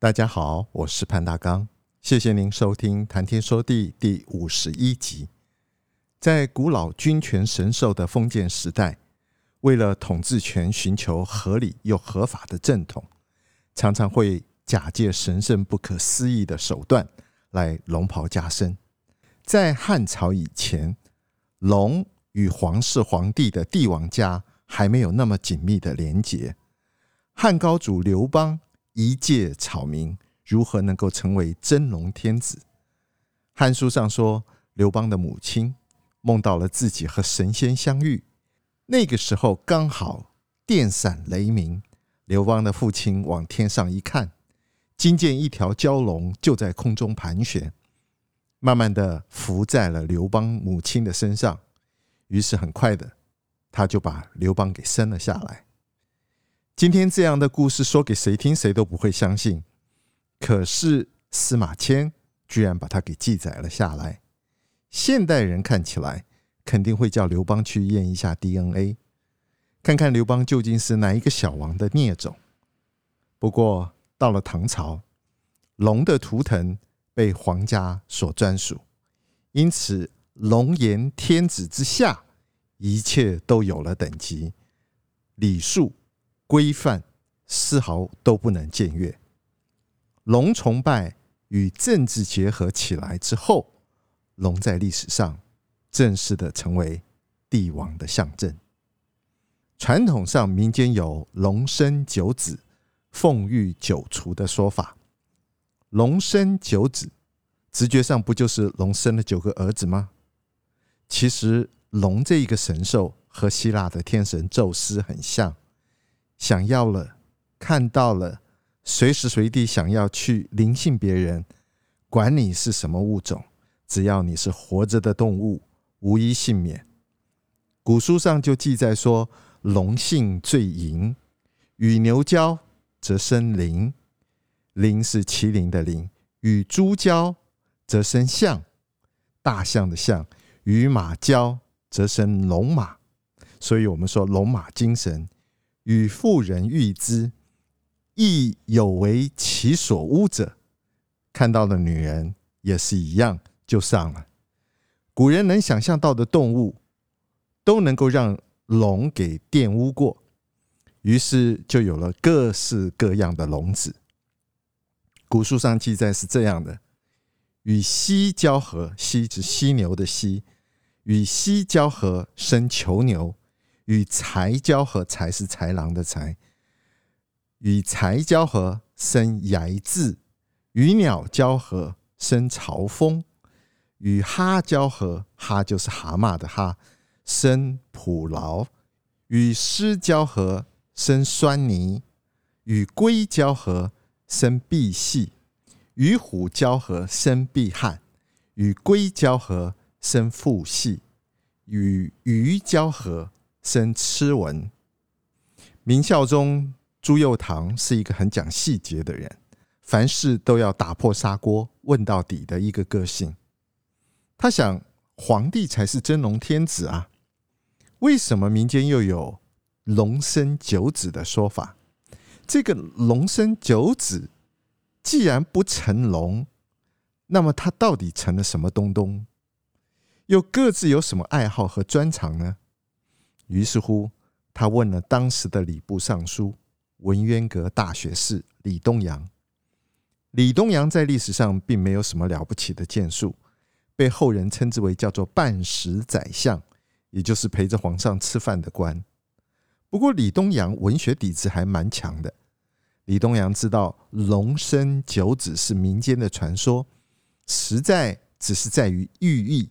大家好，我是潘大剛。謝謝您收聽《談天說地》第五十一集。在古老君權神授的封建時代，為了統治權，尋求合理又合法的正統，常常會假借神聖不可思議的手段來龍袍加身。在漢朝以前，龍與皇室皇帝的帝王家還沒有那麼緊密的連結。漢高祖劉邦。一介草民如何能夠成為真龍天子？《漢書》上說，劉邦的母親夢到了自己和神仙相遇，那個時候剛好電閃雷鳴。劉邦的父親往天上一看，驚見一條蛟龍就在空中盤旋，慢慢的浮在了劉邦母親的身上，於是很快的他就把劉邦給生了下來。今天這樣的故事說給誰聽，誰都不會相信。可是司馬遷居然把它給記載了下來。現代人看起來肯定會叫劉邦去驗一下 DNA，看看劉邦究竟是哪一個小王的孽種。不過到了唐朝，龍的圖騰被皇家所專屬，因此龍顏天子之下，一切都有了等級禮數。規範絲毫都不能僭越。龍崇拜與政治結合起來之後，龍在歷史上正式的成為帝王的象徵。傳統上，民間有“龍生九子，鳳育九雛”的說法。龍生九子，直覺上不就是龍生了九個兒子嗎？其實，龍這一個神獸和希臘的天神宙斯很像。想要了，看到了，隨時隨地想要去臨幸別人，管你是什麼物種，只要你是活着的動物，無一倖免。古書上就記載說：龍性最淫，與牛交則生麟，麟是麒麟的麟；與豬交則生象，大象的象；與馬交則生龍馬。所以我們說龍馬精神。與婦人遇之，亦有為其所污者。看到的女人也是一樣，就上了。古人能想象到的動物，都能夠讓龍給玷污過，於是就有了各式各樣的龍子。古書上記載是這樣的：與犀交合，犀指犀牛的犀；與犀交合，生囚牛。與豺交合，才是豺狼的豺，與豺交合生睚眥；與鳥交合生嘲風；與蛤交合，蛤就是蛤蟆的蛤，生蒲牢；與獅交合生狻猊；與龜交合生贔屓；與虎交合生狴犴；與龜交合生負屓；與魚交合。生螭吻，明孝宗朱佑樘是一個很講細節的人，凡事都要打破砂鍋問到底的一個個性。他想，皇帝才是真龍天子啊，為什麼民間又有龍生九子的說法？這個龍生九子，既然不成龍，那麼他到底成了什麼東東？又各自有什麼愛好和專長呢？於是乎，他問了當時的禮部尚書、文淵閣大學士李東陽。李東陽在歷史上並沒有什麼了不起的建樹，被後人稱之為叫做“伴食宰相”，也就是陪着皇上吃飯的官。不過，李東陽文學底子還蠻強的。李東陽知道“龍生九子”是民間的傳說，實在只是在於寓意，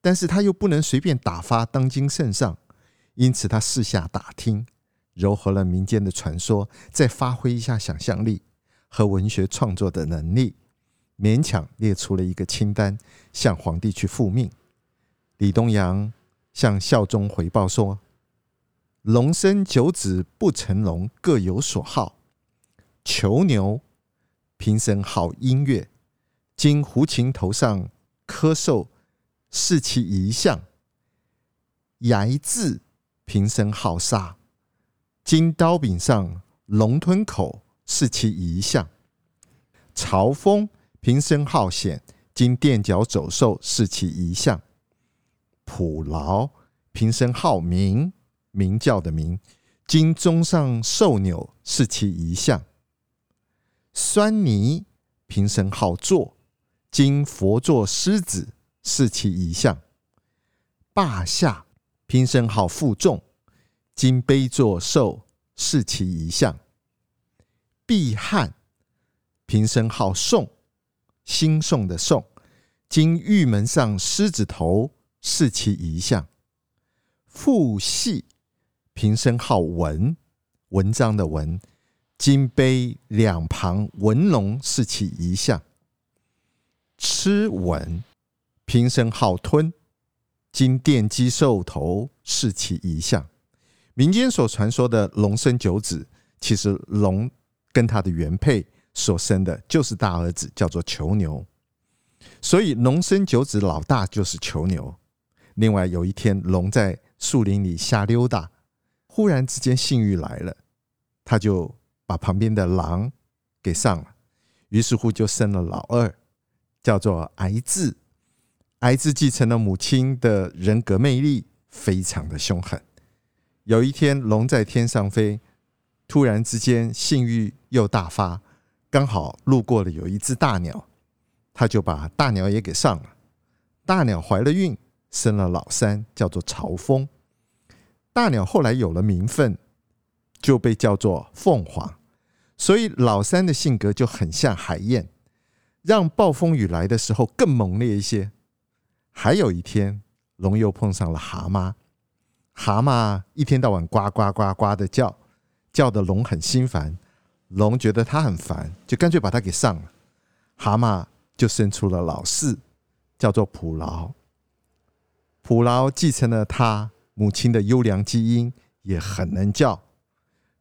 但是他又不能隨便打發當今聖上。因此，他四下打聽，糅合了民間的傳說，再發揮一下想象力和文學創作的能力，勉強列出了一個清單，向皇帝去復命。李東陽向孝宗回報說：“龍生九子不成龍，各有所好。囚牛，平生好音樂，今胡琴頭上刻獸，是其遺像。睚眦。”平生好殺，今刀柄上龍吞口是其遺像；嘲風平生好險，今墊腳走獸是其遺像；蒲牢平生好鳴，鳴叫的鳴，今鐘上獸鈕是其遺像；狻猊平生好坐，今佛坐獅子是其遺像；霸下。平生好負重，今碑座獸是其遺像；狴犴，平生好訟，興訟的訟。今獄門上獅子頭是其遺像；負屓，平生好文，文章的文，今碑兩旁文龍是其遺像；螭吻，平生好吞。金殿雞獸頭是其遺像。民間所傳說的龍生九子，其實龍跟他的原配所生的就是大兒子，叫做囚牛。所以龍生九子，老大就是囚牛。另外有一天龍在樹林裡瞎溜達，忽然之間性慾來了，他就把旁邊的狼給上了，於是乎就生了老二，叫做睚眥。兒子繼承了母親的人格魅力，非常的兇狠。有一天，龍在天上飛，突然之間性欲又大發，剛好路過了有一隻大鳥，他就把大鳥也給上了。大鳥懷了孕，生了老三，叫做嘲風。大鳥後來有了名分，就被叫做鳳凰。所以老三的性格就很像海燕，讓暴風雨來的時候更猛烈一些。還有一天，龍又碰上了蛤蟆，蛤蟆一天到晚呱呱呱呱的叫，叫的龍很心煩，龍覺得它很煩，就乾脆把它給上了，蛤蟆就生出了老四，叫做蒲牢。蒲牢繼承了他母親的優良基因，也很能叫，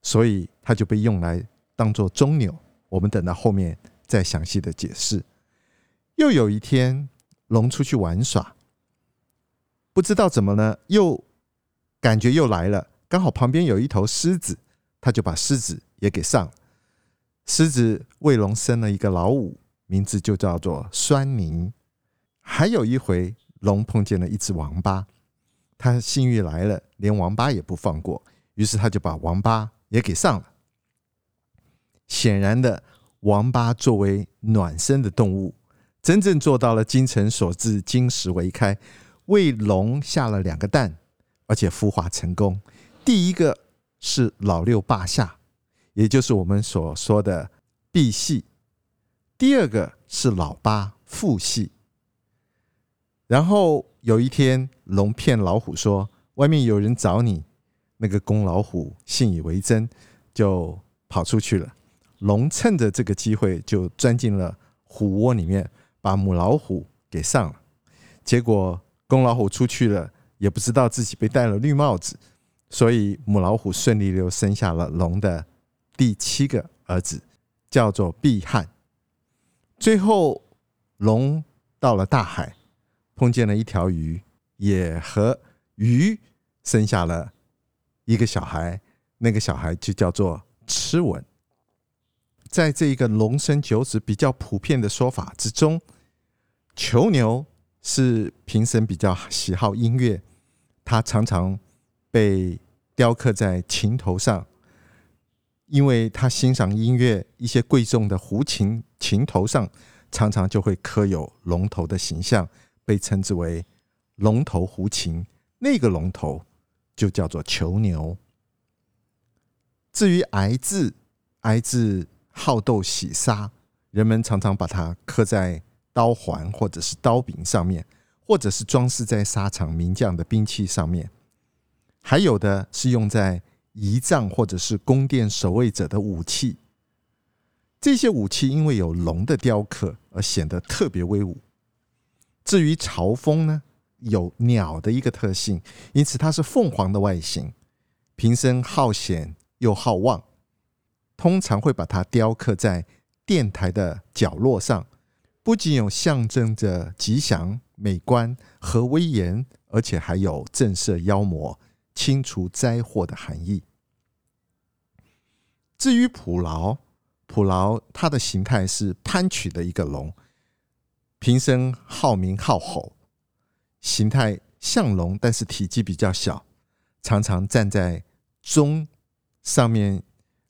所以他就被用來當做鐘鈕，我們等到後面再詳細的解釋。又有一天。龍出去玩耍，不知道怎麼呢，又感覺又來了。剛好旁邊有一頭獅子，他就把獅子也給上了。獅子為龍生了一個老五，名字就叫做狻猊。還有一回，龍碰見了一隻王八，他性欲來了，連王八也不放過，於是他就把王八也給上了。顯然的，王八作為暖身的動物。真正做到了“精誠所至，金石為開”，為龍下了兩個蛋，而且孵化成功。第一個是老六霸下，也就是我們所說的贔屓；第二個是老八負屓。然後有一天，龍騙老虎說外面有人找你，那個公老虎信以為真，就跑出去了。龍趁着這個機會，就鑽進了虎窩裡面。把母老虎給上了，結果公老虎出去了，也不知道自己被戴了綠帽子，所以母老虎順利的又生下了龍的第七個兒子，叫做狴犴。最後，龍到了大海，碰見了一條魚，也和魚生下了一個小孩，那個小孩就叫做螭吻。在這一個龍生九子比較普遍的說法之中，囚牛是平生比較喜好音樂，他常常被雕刻在琴頭上，因為他欣賞音樂，一些貴重的胡琴琴頭上常常就會刻有龍頭的形象，被稱之為龍頭胡琴，那個龍頭就叫做囚牛。至於睚眥，睚眥。好鬥喜殺，人們常常把它刻在刀環或者是刀柄上面，或者是裝飾在沙場名將的兵器上面。還有的是用在儀仗或者是宮殿守衛者的武器。這些武器因為有龍的雕刻而顯得特別威武。至於嘲風呢，有鳥的一個特性，因此它是鳳凰的外形，平生好險又好望。通常會把它雕刻在電台的角落上，不僅有象徵着吉祥、美觀和威嚴，而且還有震懾妖魔、清除災禍的含義。至於蒲牢，蒲牢它的形態是攀曲的一個龍，平生好鳴好吼，形態像龍，但是體積比較小，常常站在鐘上面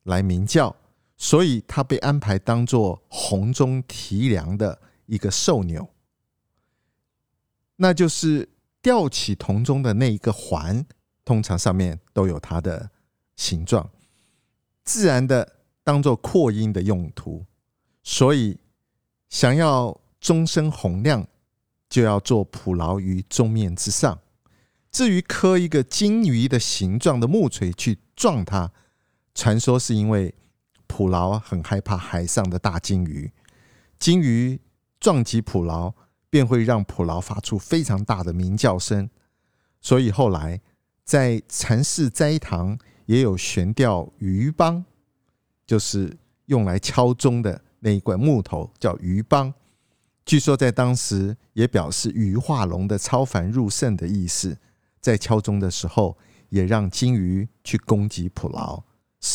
來鳴叫，所以它被安排當做洪鐘提樑的一個獸鈕，那就是吊起銅鐘的那一個環，通常上面都有它的形狀，自然的當做擴音的用途。所以，想要鐘聲洪亮，就要做蒲牢於鐘面之上。至於刻一個金魚的形狀的木錘去撞它。傳說是因為蒲牢很害怕海上的大鯨魚，鯨魚撞擊蒲牢，便會讓蒲牢發出非常大的鳴叫聲。所以後來在禪寺齋堂也有懸吊魚梆，就是用來敲鐘的那一塊木頭叫魚梆。據說在當時也表示魚化龍的超凡入聖的意思，在敲鐘的時候也讓鯨魚去攻擊蒲牢。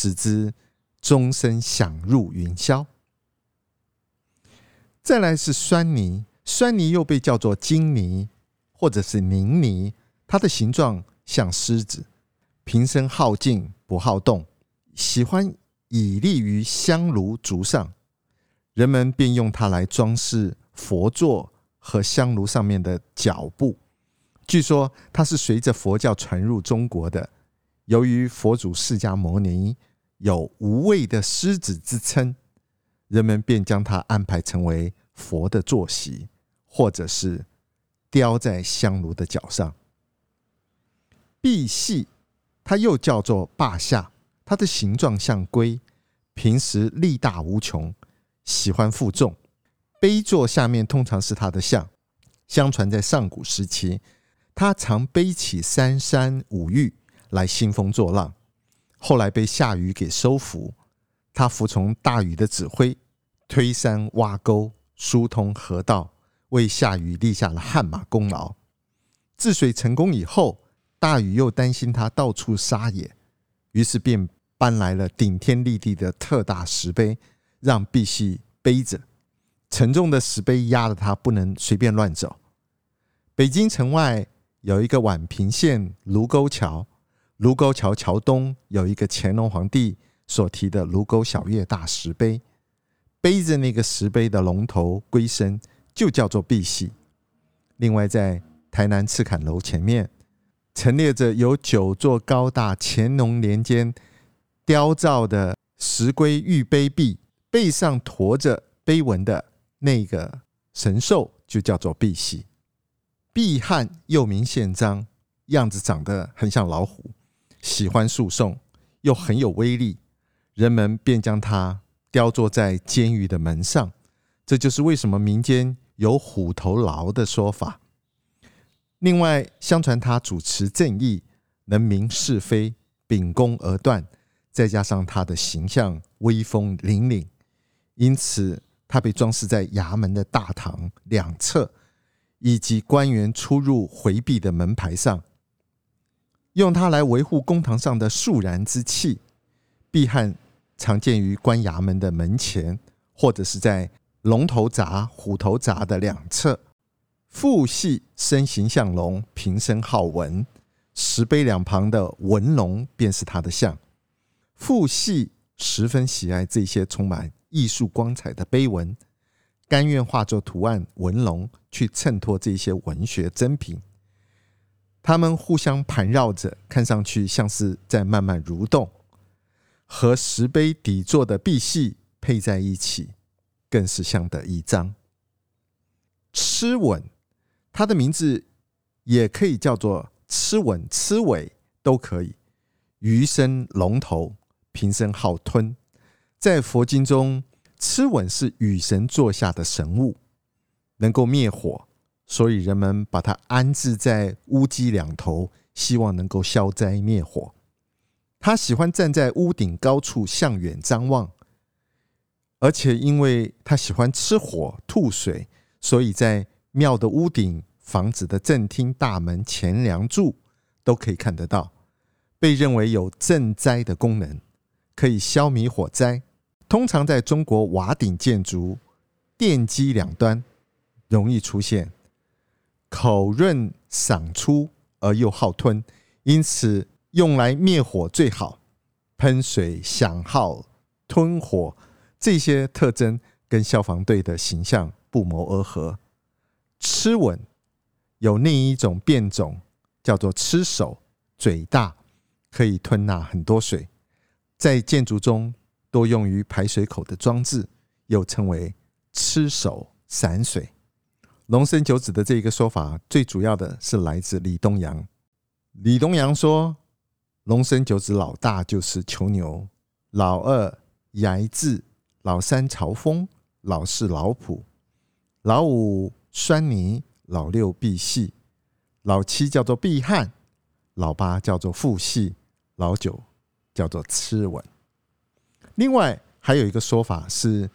只知，鐘聲響入雲霄。再來是狻猊。狻猊又被叫做金猊或者是寧猊，它的形狀像獅子，平生好靜不好動，喜歡倚立於香爐足上。人們便用它來裝飾佛座和香爐上面的腳部。據說它是隨着佛教傳入中國的。由於佛祖釋迦牟尼有無畏的獅子之稱，人們便將它安排成為佛的坐席，或者是雕在香爐的腳上。贔屓，它又叫做霸下，它的形狀像龜，平時力大無窮，喜歡負重。碑座下面通常是它的像。相傳在上古時期，它常背起三山五岳來興風作浪。後來被夏禹給收服，他服從大禹的指揮，推山挖溝，疏通河道，為夏禹立下了汗馬功勞。治水成功以後，大禹又擔心他到處撒野，於是便搬來了頂天立地的特大石碑，讓贔屓背着。沉重的石碑壓得他不能隨便亂走。北京城外有一個宛平縣盧溝橋。盧溝橋橋東有一個乾隆皇帝所題的“盧溝曉月”大石碑，背着那個石碑的龍頭龜身就叫做贔屓。另外，在台南赤崁樓前面陳列着有九座高大、乾隆年間雕造的石龜玉碑壁，背上馱着碑文的那個神獸就叫做贔屓。狴犴又名憲章，樣子長得很像老虎。喜歡訴訟又很有威力，人們便將它雕琢在監獄的門上，這就是為什麼民間有虎頭牢的說法。另外，相傳他主持正義，能明是非，秉公而斷，再加上他的形象威風凛凛，因此他被裝飾在衙門的大堂兩側，以及官員出入回避的門牌上。用它來維護公堂上的肅然之氣，狴犴常見於官衙門的門前，或者是在龍頭鍘、虎頭鍘的兩側。負屓身形像龍，平生好文，石碑兩旁的文龍便是他的像。負屓十分喜愛這些充滿藝術光彩的碑文，甘願化作圖案文龍去襯托這些文學珍品。它們互相盤繞着，看上去像是在慢慢蠕動，和石碑底座的贔屓配在一起，更是相得益彰。螭吻，它的名字也可以叫做螭吻、螭尾，都可以。魚身龍頭，平生好吞。在佛經中，螭吻是雨神座下的神物，能夠滅火。所以人們把它安置在屋脊兩頭，希望能夠消災滅火。他喜歡站在屋頂高處向遠張望，而且因為他喜歡吃火吐水，所以在廟的屋頂、房子的正廳、大門前梁柱都可以看得到，被認為有鎮災的功能，可以消弭火災。通常在中國瓦頂建築，殿脊兩端容易出現。口潤、嗓出而又好吞，因此用來滅火最好。噴水響、好吞火，這些特徵跟消防隊的形象不謀而合。螭吻有另一種變種，叫做螭首，嘴大可以吞納很多水，在建築中多用於排水口的裝置，又稱為螭首散水。龍生九子的這一個說法，最主要的是來自李東陽。李東陽說：“龍生九子，老大就是囚牛，老二睚眥，老三嘲風，老四蒲牢，老五狻猊，老六贔屓，老七叫做狴犴，老八叫做負屓，老九叫做螭吻。另外還有一個說法是《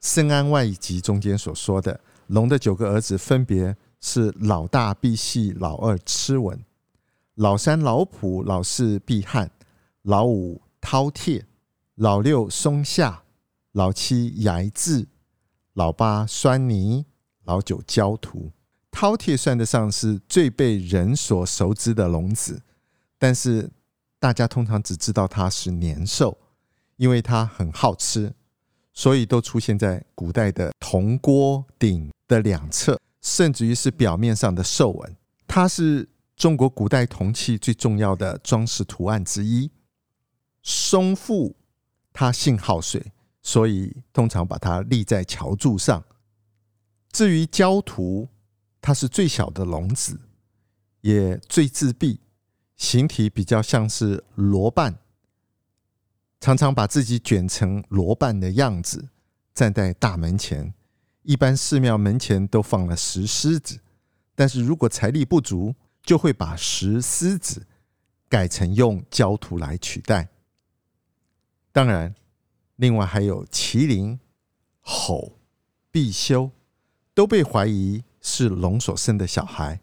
升庵外集》中間所說的。龍的九個兒子分別是老大贔屓，老二螭吻，老三蒲牢，老四狴犴，老五饕餮，老六松下，老七睚眥，老八狻猊，老九椒圖。饕餮算得上是最被人所熟知的龍子，但是大家通常只知道它是年獸，因為它很好吃，所以都出現在古代的銅鍋鼎。的兩側，甚至於是表面上的獸紋，它是中國古代銅器最重要的裝飾圖案之一。蚣蝮，它性好水，所以通常把它立在橋柱上。至於椒圖，它是最小的龍子，也最自閉，形體比較像是螺蚌，常常把自己捲成螺蚌的樣子，站在大門前。一般寺廟門前都放了石獅子，但是如果財力不足，就會把石獅子改成用焦土來取代。當然，另外還有麒麟、吼、貔貅，都被懷疑是龍所生的小孩。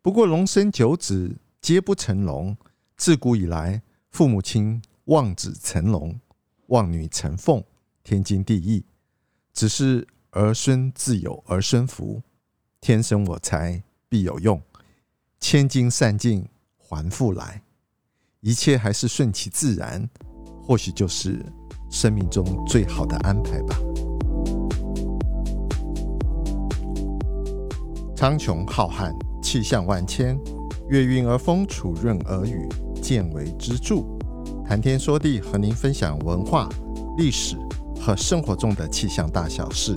不過，龍生九子皆不成龍。自古以來，父母親望子成龍、望女成鳳，天經地義，只是。兒孫自有兒孫福，天生我材必有用，千金散盡還復來，一切還是順其自然，或許就是生命中最好的安排吧。蒼穹浩瀚，氣象萬千，月暈而風，礎潤而雨，見微知著，談天說地，和您分享文化、歷史和生活中的氣象大小事。